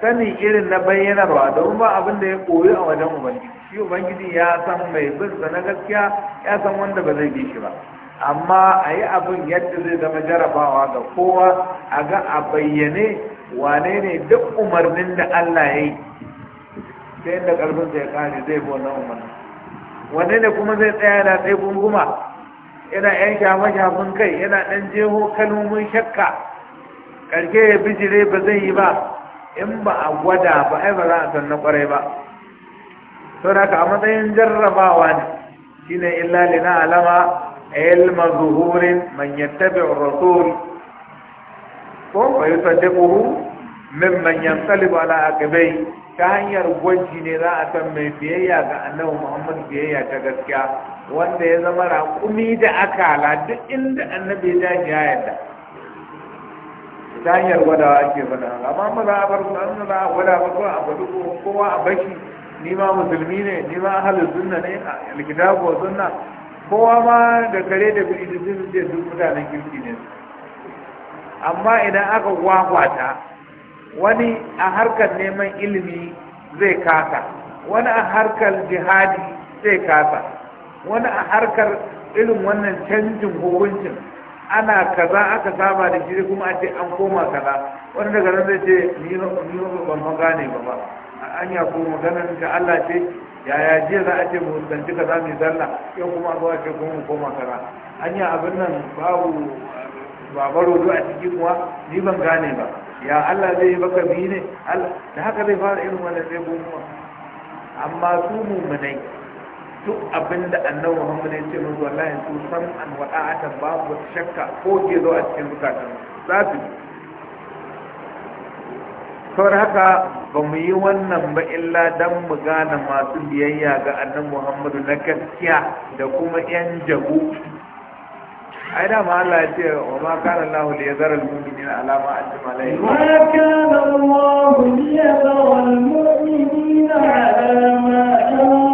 sani irin na bayyanarwa domin ba abin da ya koyi a wajen ubangiji shi ubangiji ya san mai bin sa na gaskiya ya san wanda ba zai bi shi ba amma a yi abin yadda zai zama jarabawa ga kowa a ga a bayyane wane ne duk umarnin da Allah ya yi ta yadda ƙarfinsa ya kare zai bi wannan umarnin wane ne kuma zai tsaya yana tsaye gunguma yana yan shafe-shafen kai yana ɗan jeho kalmomin shakka karke ya bijire ba zai yi ba in ba a gwada ba ai ba za a san na kwarai ba sau da a matsayin jarrabawa ne shi ne illa na alama ilma zuhurin man yattabi rasul ko fa yusaddiquhu mimman yanqalibu ala akibai ta hanyar gwaji ne za a san mai biyayya ga annabi Muhammad biyayya ta gaskiya wanda ya zama raƙumi da akala duk inda annabi ya dace ya ta hanyar gwadawa ake faɗa amma ma za a bar an za a gwada ba ko a faɗi kowa a baki ni ma musulmi ne ni ma ahalin sunna ne alkitabu wa sunna kowa ma da kare da kuɗi da sun ce duk mutanen kirki ne amma idan aka gwagwata, wani a harkar neman ilimi zai kasa wani a harkar jihadi zai kasa wani a harkar irin wannan canjin hukuncin ana kaza aka saba da shi kuma a ce an koma kaza wani daga nan zai ce ni ban ma gane ba ba an ya ko magana Ka Allah ce yaya jiya za a ce mu zanci kaza mai zalla yau kuma zuwa ce kuma mu koma kaza an yi abin nan babu babaro a ciki kuwa ni ban gane ba ya Allah zai yi baka bi ne da haka zai fara irin wannan zai kuma amma su mu munai duk abin da annabi Muhammad ya ce musu wallahi su san an wada'atan babu wata shakka ko ke zo a cikin zukatan za su saboda haka ba mu yi wannan ba illa dan mu gane masu biyayya ga annan muhammadu na gaskiya da kuma yan jabu ai da ma Allah ya ce wa ma kana Allah li yazara al mu'minina ala ma ajma la wa kana Allah li yazara al mu'minina ala ma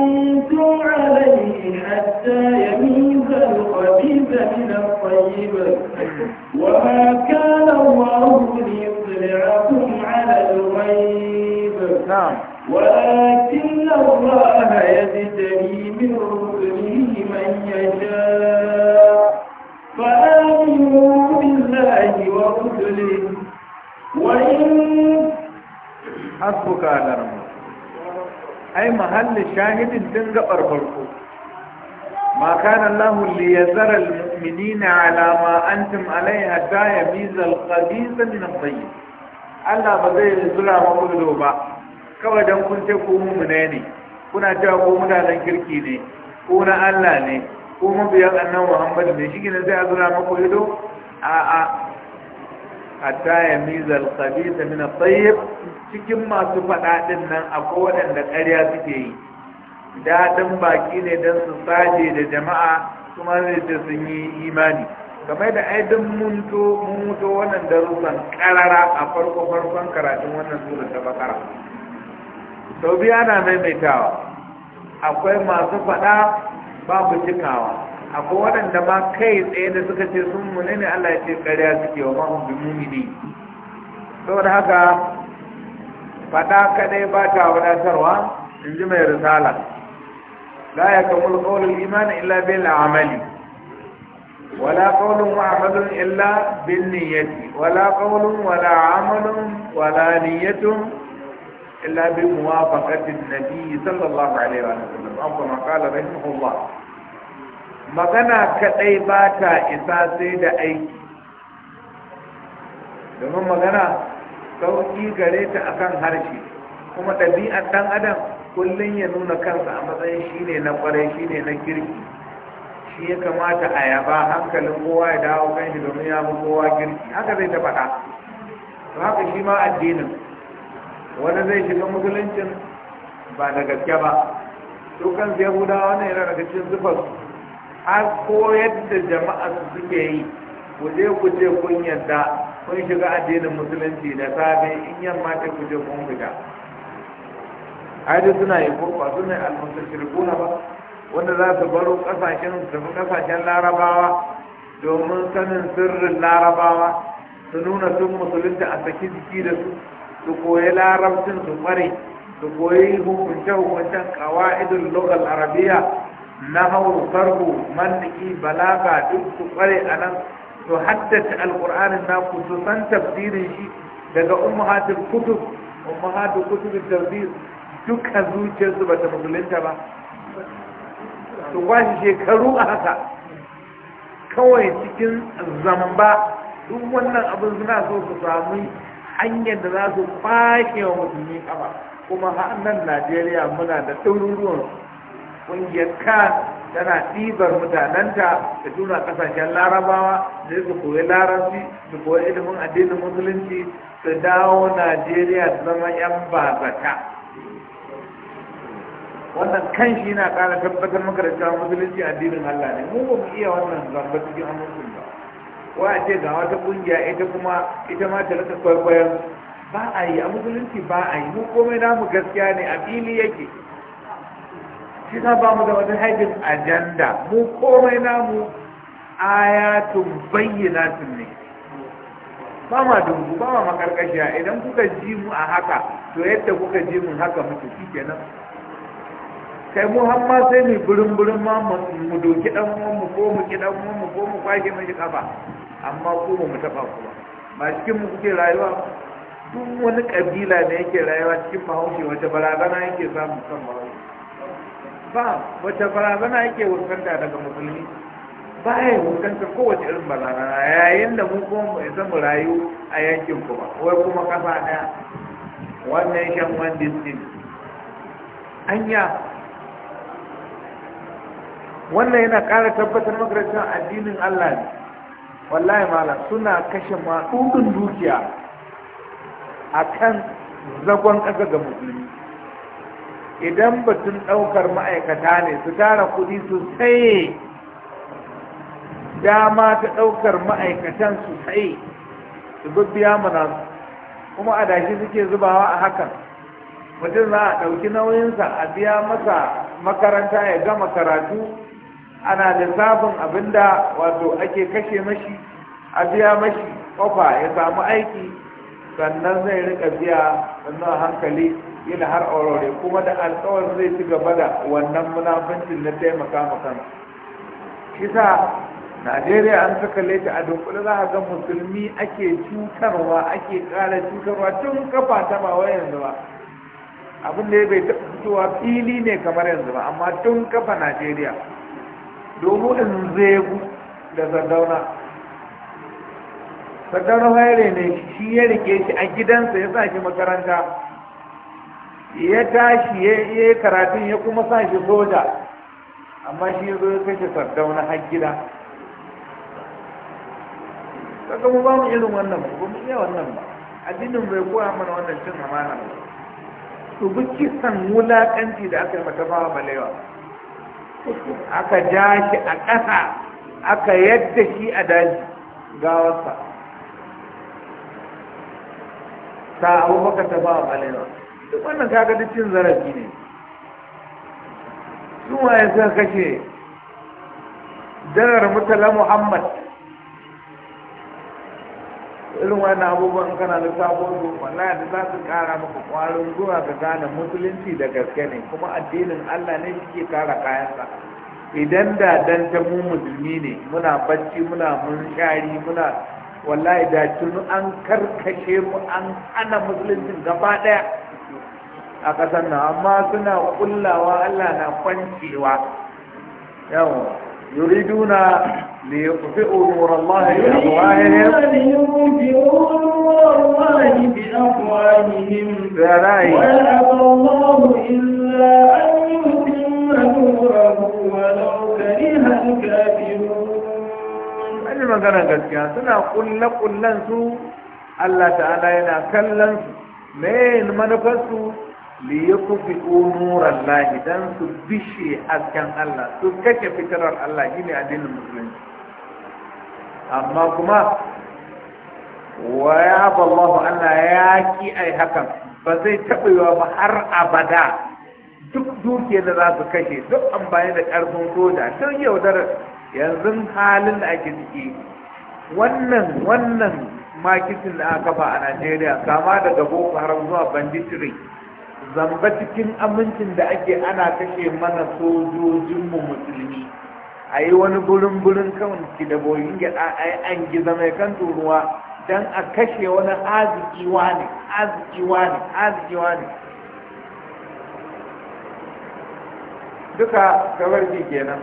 وما كان الله ليطلعكم على الغيب نعم ولكن الله يجتبي من رسله من يشاء فآمنوا بالله ورسله وإن حسبك على رمضان أي محل الشاهد الدنجة أربركم ما كان الله ليذر mu'minina ala ma antum alai hatta yamiza al-khabitha min at-tayyib Allah ba zai zura muku ba kawai dan kun ce ku mu'mina ne kuna cewa ko mutanen kirki ne ko na Allah ne ko mabiyan annabi Muhammad ne shi ne zai zura muku ido a a hatta yamiza al-khabitha min at-tayyib cikin masu faɗaɗin nan akwai waɗanda karya suke yi daɗin baki ne don su saje da jama'a kuma zai ce sun yi imani game da aidin munto muto wannan darussan karara a farko farkon karatun wannan sura ta bakara sau biya na maimaitawa akwai masu faɗa babu cikawa akwai waɗanda ma kai tsaye da suka ce sun mune ne Allah ya ce ƙarya suke wa mahun bi mumini saboda haka faɗa kaɗai ba ta wadatarwa in ji mai risala لا يكمل قول الإيمان إلا بالعمل ولا قول وعمل إلا بالنية ولا قول ولا عمل ولا نية إلا بموافقة النبي صلى الله عليه وسلم أو كما قال رحمه الله magana kadai ba ta isa sai da aiki domin magana sauƙi gare ta akan harshe kuma ɗabi'ar ɗan adam kullum ya nuna kansa a matsayin shi ne na kwarai shi ne na girki shi ya kamata a yaba hankalin kowa ya dawo kan shi domin ya kowa girki haka zai ta faɗa to haka shi ma addinin wani zai shiga musuluncin ba da gaske ba to kan huda ne yana daga cikin zufar har koyar da jama'a su suke yi ku je ku je kun yarda kun shiga addinin musulunci da safe in yamma ta ku je kun fita ai suna yin ba su ne almustashrikuna ba wanda za su baro kasashen tafi kasashen larabawa domin sanin sirrin larabawa su nuna sun musulunta a saki jiki da su su koyi larabcin su kware su koyi hukunce hukuncen kawa'idul lokal arabiya na hauru farko mandiki balaga duk su kware a nan su haddace alkur'anin na su san tafsirin shi daga ummahatul kutub ummahatul kutub Dukkan zuciyarsu ba ta musulunta ba su kwashe shekaru a haka kawai cikin zamba duk wannan abin suna so su samu hanyar da za su kwashe wa musulmi kama kuma nan najeriya muna da ɗaruruwan ƙungiyar ka tana ɗibar mutanenta da tuna ƙasashen larabawa da su koyi larabci su koyi ilimin addinin musulunci su dawo najeriya zama 'yan bazata wannan kan shi na ƙara tabbatar maka da cewa musulunci addinin Allah ne mu ba mu iya wannan zamba cikin amincin ba wa a ce ga wata ƙungiya ita kuma ita ma ta rika kwaikwayon ba a yi a musulunci ba a yi mu komai namu gaskiya ne a fili yake shi sa ba mu da wata haifin ajanda mu komai namu ayatun bayyanatun ne ba ma dungu ba ma makarkashiya idan kuka ji mu a haka to yadda kuka ji mu haka muke shi kenan kai mu har ma sai mu burin burin ma mu doki dan mu mu ko mu ki dan uwan mu ko mu kwage mai ba amma ko mu mu taba ku ba ba cikin mu kuke rayuwa duk wani kabila da yake rayuwa cikin mahaushe wata barazana yake samu kan bahaushe ba wata barazana yake wurkanta daga musulmi ba ya wurkanta kowace irin barazana yayin da mu kuma mu isa mu rayu a yankin kuma wai kuma kafa daya wannan shan wani distin anya wannan yana ƙara tabbatar maka addinin Allah ne wallahi mala suna kashe maɗuɗin dukiya a kan zagon ƙasa ga musulmi idan batun ɗaukar ma'aikata ne su tara kuɗi su tsaye dama ta ɗaukar ma'aikatan su tsaye su bibbiya mana kuma a dashi suke zubawa a hakan mutum za a ɗauki nauyinsa a biya masa makaranta ya gama karatu ana da lissafin abinda wato ake kashe mashi a biya mashi kofa ya samu aiki sannan zai rika biya sannan hankali yin har aurore kuma da alkawar zai ci gaba da wannan munafincin na taimaka makan kisa najeriya an saka leta a dunkule za a ga musulmi ake cutarwa ake kara cutarwa tun kafa ta ba wai yanzu ba abin da ya bai fitowa fili ne kamar yanzu ba amma tun kafa najeriya domin in zebu da zardauna zardauna haire ne shi ya rike shi a gidansa ya sa shi makaranta ya tashi ya yi karatun ya kuma sa shi soja amma shi ya zo ya kashe zardauna har gida kaga mu ba mu irin wannan ba mu iya wannan ba addinin bai koya mana wannan cin amana ba to bi wulakanci da aka yi mata fawa balewa aka ja shi a ƙasa aka yadda shi a daji gawarsa ta abu baka ta ba balewa duk wannan ka duk cin zarafi ne su ma ya suka kashe darar mutala muhammad irin wannan abubuwan kana da sabon su wallahi da za su kara maka kwarin zuwa ga gane musulunci da gaske ne kuma addinin Allah ne shi kara kayansa idan da dan ta mu musulmi ne muna bacci muna munshari muna wallahi da tunu an karkashe mu an ana musuluncin gaba daya a ƙasar nan amma suna kullawa Allah na kwancewa yawa يريدون ليطفئوا نور الله بأفواههم ليطفئوا نور الله بأفواههم ويأبى الله إلا أن يتم نوره ولو كره الكافرون gaskiya suna kulle-kullen su Allah ta'ala yana kallon su mai manufarsu liyafi yakfi'u nuran lahi dan su bishe hasken Allah su kake fitarar Allah shine addinin musulunci amma kuma wa ya ballahu Allah ya ki ai hakan ba zai taɓa yiwa ba har abada duk dukiyar da za su kashe duk amfani da ƙarfin soja duk yaudar yanzu halin da ake ciki wannan wannan makisin da aka kafa a Najeriya kama daga Boko Haram zuwa banditiri zamba cikin amincin da ake ana kashe mana sojojinmu musulmi a yi wani burin burin kan kidaboyin gyaɗa a yi an giza mai kan turuwa don a kashe wani arziki wani arziki wani arziki wani duka ji kenan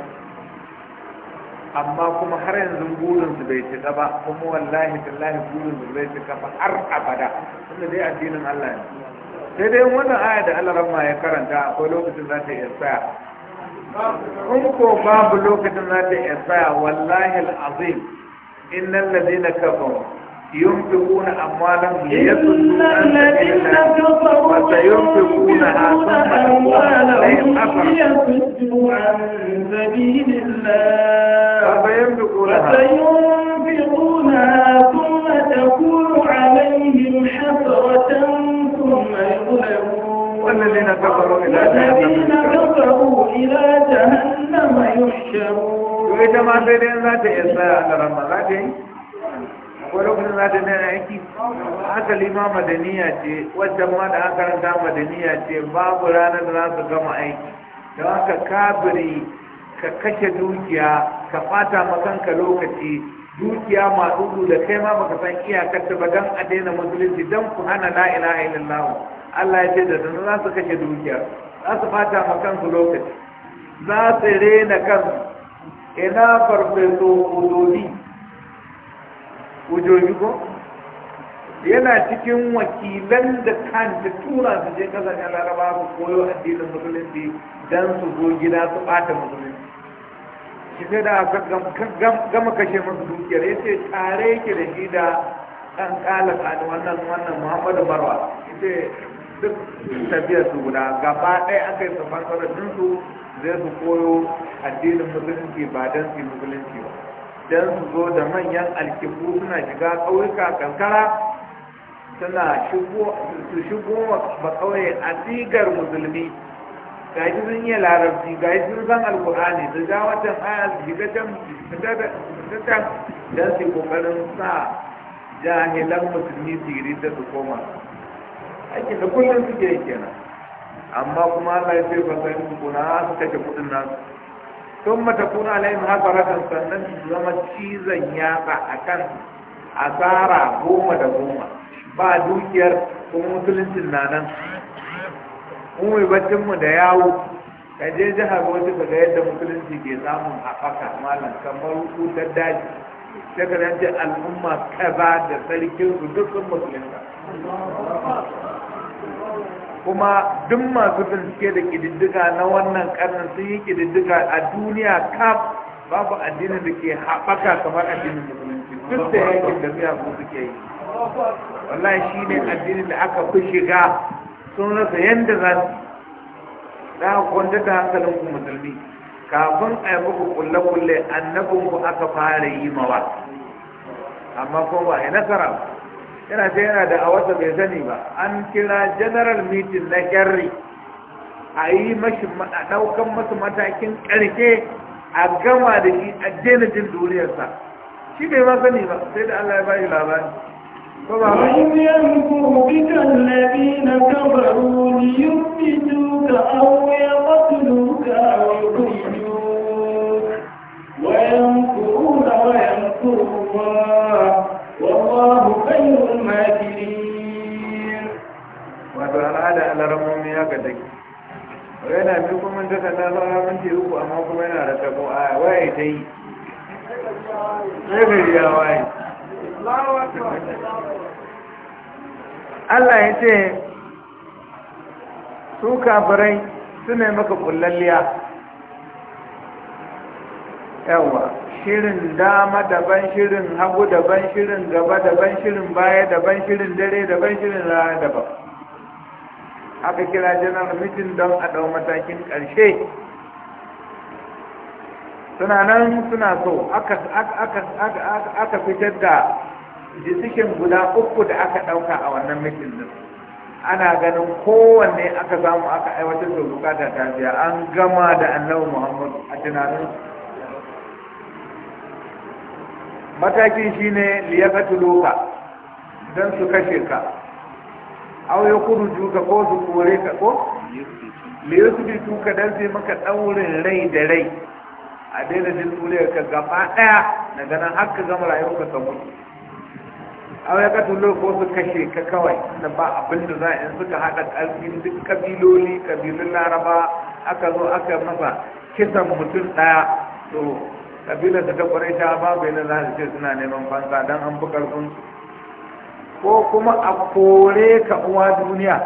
amma kuma har yanzu burinsu bai cika ba kuma wallahi tallahi burinsu bai cika ba har abada tunda dai addinin Allah ne sai dai wannan aya da Allah ramma ya karanta akwai lokacin za ta iya tsaya in ko babu lokacin za ta iya tsaya wallahi al'azim innal ladina kafaru ينفقون أموالهم ليصدوا عن سبيل الله وسينفقونها ثم عليهم أثر ليصدوا عن سبيل الله فسينفقونها ثم تكون عليهم حسرة والذين كفروا إلى جهنم يحشرون وإذا ما بين ذات إساء أنا رمى ولكن ذات نعيكي haka lima madaniya ce wajen ma da aka ranta madaniya ce babu ranar da za su gama aiki da haka kabiri ka kashe dukiya ka fata lokaci dukiya masu da kai ma baka san iyakar ta ba don a daina musulunci don ku hana la ilaha illallah Allah ya ce da sannan za su kashe dukiya za su fata ma kansu lokaci za su rena kansu ina farfeso ujobi ujobi ko yana cikin wakilan da kan da tura su je ya laraba su koyo addinin musulunci don su zo gida su bata musulunci shi sai da aka gama kashe masu dukiyar ya ce tare yake da shi da ɗan ƙalasa wannan wannan muhammadu marwa ya ce duk tafiyar su guda gaba ɗaya aka yi samar din su zai su koyo addinin musulunci ba don su musulunci ba don su zo da manyan alkifu suna shiga ƙauyuka kankara suna su shigo ba ƙauye a sigar musulmi ga yi sun yi larabci ga yi sun san alkur'ani su ja watan aya su shiga can fitatan don su yi ƙoƙarin sa jahilan musulmi su yi da su koma aiki da kullum suke yi kenan amma kuma Allah ya ce ba sai su kuna su kashe kudin nasu sun mata kuna alayhim hasaratan sannan su zama cizon yatsa akan asara goma da goma ba dukiyar kuma musuluncin na nan mu mai da yawo ka je jihar bauchi ka ga yadda musulunci ke samun haɓaka malam kamar wutar daji sai ka al'umma kaza da sarkin su dukkan musulunta kuma duk masu bincike da kididdiga na wannan karnin sun yi kididdiga a duniya kaf babu addinin da ke haɓaka kamar addinin musulunci duk da yankin da ko suke yi wallahi shi ne addinin da aka fi shiga sun rasa yadda za su da kwanta da hankalin ku musulmi kafin a yi muku kulle-kulle annabinku aka fara yi mawa amma kuma ba a yi nasara ba yana ce yana da awasa bai sani ba an kira general meeting na kyarri a yi mashi ɗaukan masu matakin ƙarke a gama da shi a daina jin duniyarsa shi bai ma sani ba sai da Allah ya bayi labari وإذ يمكر بك الذين كفروا ليثبتوك أو يقتلوك أو يخرجوك ويمكرون ويمكر الله wallahu khairul makirin wato al'ada alarmomi haka take yana bi kuma ta sana zama minti uku amma kuma yana da tabo a waye ta yi sai ya waye Allah ya ce su kafirai su ne maka kullalliya yawwa shirin dama daban shirin hagu daban shirin gaba daban shirin baya daban shirin dare daban shirin rana daban aka kira janar mitin don a ɗau matakin ƙarshe suna nan suna so aka fitar da jisikin guda uku da aka ɗauka a wannan mitin din ana ganin kowanne aka samu aka aiwatar da bukata ta an gama da annabi muhammadu a tunanin matakin shine loka don su kashe ka kudu juka ko su kore ka ko tuka don sai maka ɗaurin rai da rai a daina jin tsuliyar ka gaba daya daga nan har ka gama rayuwar ka samu au ya katulo ko su kashe ka kawai na ba abin da za in suka haɗa karfin duk kabiloli kabilun laraba aka zo aka masa kisan mutum daya to kabilar da ta kware ta babu yana za su ce suna neman fansa don an fi ƙarfinsu ko kuma a kore ka uwa duniya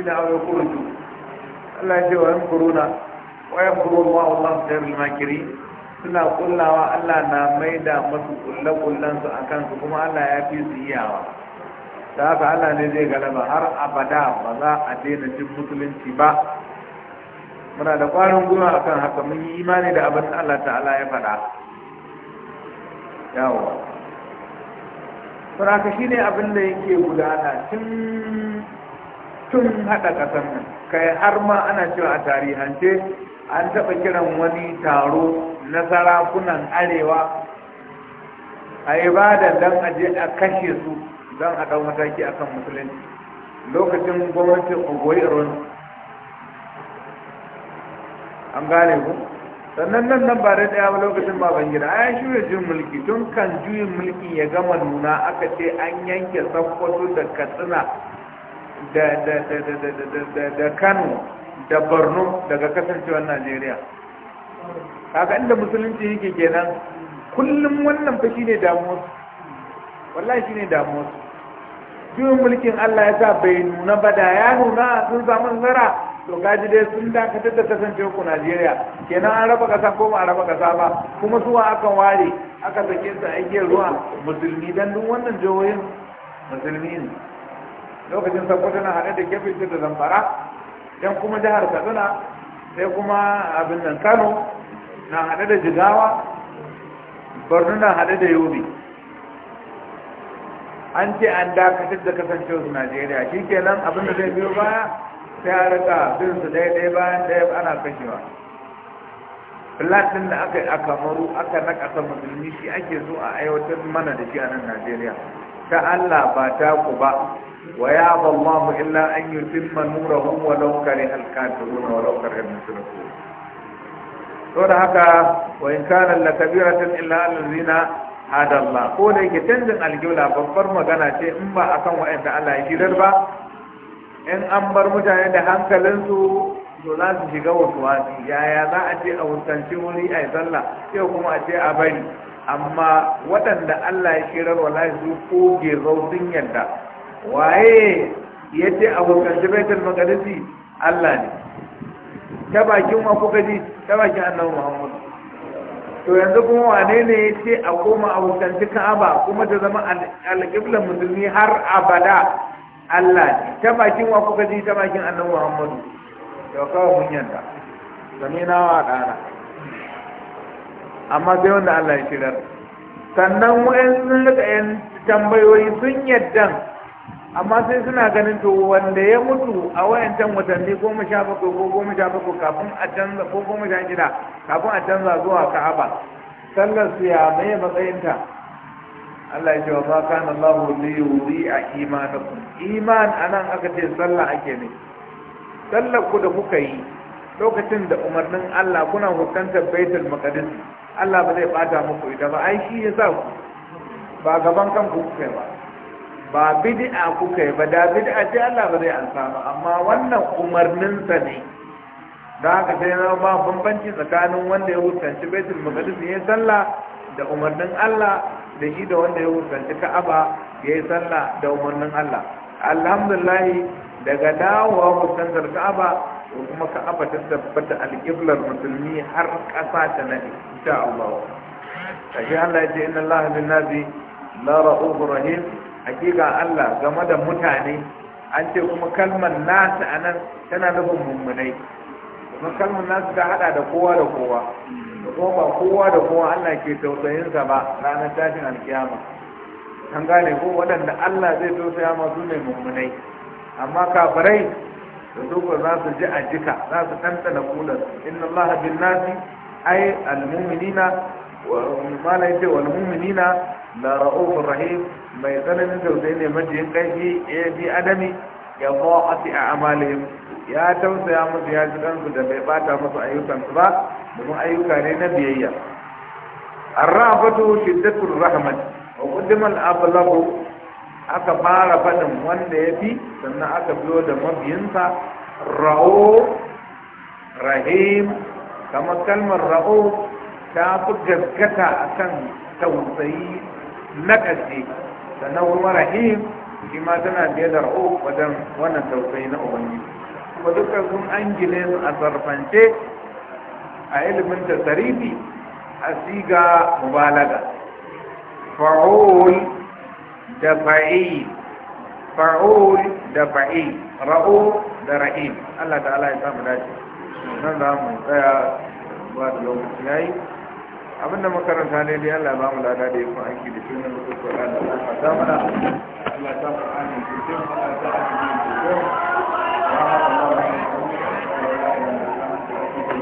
ina aure kurutu Allah ya ce wa kuruna wa yankuru ma Allah khairul makiri suna kullawa Allah na maida masu kulle kullen su akan su kuma Allah ya fi su iyawa da haka Allah ne zai galaba har abada ba za a daina cin musulunci ba muna da ƙwarin gwiwa akan haka mun yi imani da abin Allah ta'ala ya faɗa yawo saraka shi ne abin da yake gudana tun tun haɗa ƙasar nan kai har ma ana cewa a tarihance an taɓa kiran wani taro na sarakunan arewa a ibada don a je a kashe su don a ɗau mataki akan musulunci lokacin gwamnatin ogoyi an gane ku sannan nan nan ba da daya ba lokacin ba baban gida ya shirya jin mulki tun kan juyin mulki ya gama nuna aka ce an yanke sakkwato da katsina da kano da borno daga kasancewar najeriya kaga inda musulunci yake kenan kullum wannan fa shine damuwar wallahi shine damuwar juyin mulkin allah ya sa bai nuna ba da ya nuna sun samu nasara to kaji dai sun dakatar da kasancewar ku Najeriya kenan an raba kasa ko ba a raba kasa ba kuma suwa aka ware aka sake su aikiyar ruwa musulmi dan duk wannan jihohin musulmi ne lokacin sakkwato na haɗe da kebbi da zamfara dan kuma jihar katsina sai kuma abin nan kano na haɗe da jigawa borno na haɗe da yobe an ce an dakatar da kasancewar su najeriya shi kenan abin da zai biyo baya sai a rika bin daidai bayan da daya ana kashewa ɗin da aka yi a kamaru aka na ƙasa musulmi shi ake zo a aiwatar mana da shi a nan najeriya ta allah ba ta ku ba wa ya mu illa an yi timma nurahun walau kare alkafiruna walau kare musulmi to da haka wa in kanan la tun illa allazina ko da yake canjin alƙibla babbar magana ce in ba akan wa'anda Allah ya shirar ba in an bar mutane da hankalinsu to za su shiga wasu wasi yaya za a ce a wutanci wuri a yi sallah yau kuma a ce a bari amma waɗanda Allah ya shirar wa su ko gerau sun yadda waye ya ce a wutanci baitul maqdisi Allah ne ta bakin wa kuka ji ta bakin annabi Muhammad to yanzu kuma wane ne ya ce a koma a wutanci Ka'aba kuma ta zama alƙiblar musulmi har abada Allah ta bakin wa kuka ji ta bakin annabi Muhammadu to kawai mun yanda na wa dana amma sai wanda Allah ya shirar sannan wayan sun rika yan tambayoyi sun yadda amma sai suna ganin to wanda ya mutu a wayancan watanni goma sha bakwai ko goma sha bakwai kafin a canza ko goma sha shida kafin a canza zuwa ka'aba sallar su ya mai matsayinta Allah ya ce wa ma kana Allahu li yudhi'a imanakum iman anan aka ce sallah ake ne sallar ku da kuka yi lokacin da umarnin Allah kuna hukuntar baitul maqdis Allah ba zai bada muku ita ba ai shi yasa ku ba gaban kanku kuka ba ba bid'a kuka yi ba da bid'a ce Allah ba zai ansa ba amma wannan umarnin sa ne da ka sai na ba bambanci tsakanin wanda ya hukunta baitul maqdis ne sallah da umarnin Allah da shi da wanda ya fuskanci ka'aba ya yi sallah da umarnin Allah alhamdulillah daga dawowa fuskantar ka'aba kuma ka'aba ta tabbata alƙiblar musulmi har ƙasa ta nadi insha Allah shi Allah ya ce inna Allah bin nabi la ra'ufur hakika Allah game da mutane an ce kuma kalmar nasu anan tana nufin mummunai kuma kalmar nasu ta hada da kowa da kowa ko ba kowa da kowa Allah ke tausayinsa ba ranar tashin alkiyama an gane ko waɗanda Allah zai tausaya masu ne mummunai amma kafirai da dukkan za su ji a jika za su ɗanɗana kulan inna Allah bin nasi ai almu'minina wa mala yace wal mu'minina la ra'ufur rahim mai tsananin tausayi ne majiyin kai eh, bi adami ya ba'ati a'malihim ya tausaya musu ya ji ɗansu da bai bata musu ayyukansu ba domin ayyuka ne na biyayya arrafatu shiddatul rahmat wa qaddama al aka fara faɗin wanda ya fi sannan aka biyo da mabiyinsa ra'u rahim kama kalmar ra'o ta fi gaskata akan tausayi na ƙashe sannan wani rahim shi ma tana biye da ra'o wajen wannan tausayi na ubangiji ko duka sun an gine su a sarfance a ilimin tarihi a siga mubalaga fa'ul da fa'i fa'ul da fa'i ra'u da ra'i Allah ta'ala ya samu dace nan za mu tsaya ba da lokaci yayi abinda makaranta ne dai Allah ba mu lada da yafi aiki da shi ne da kuka da Allah ta mana Allah ta Allah ta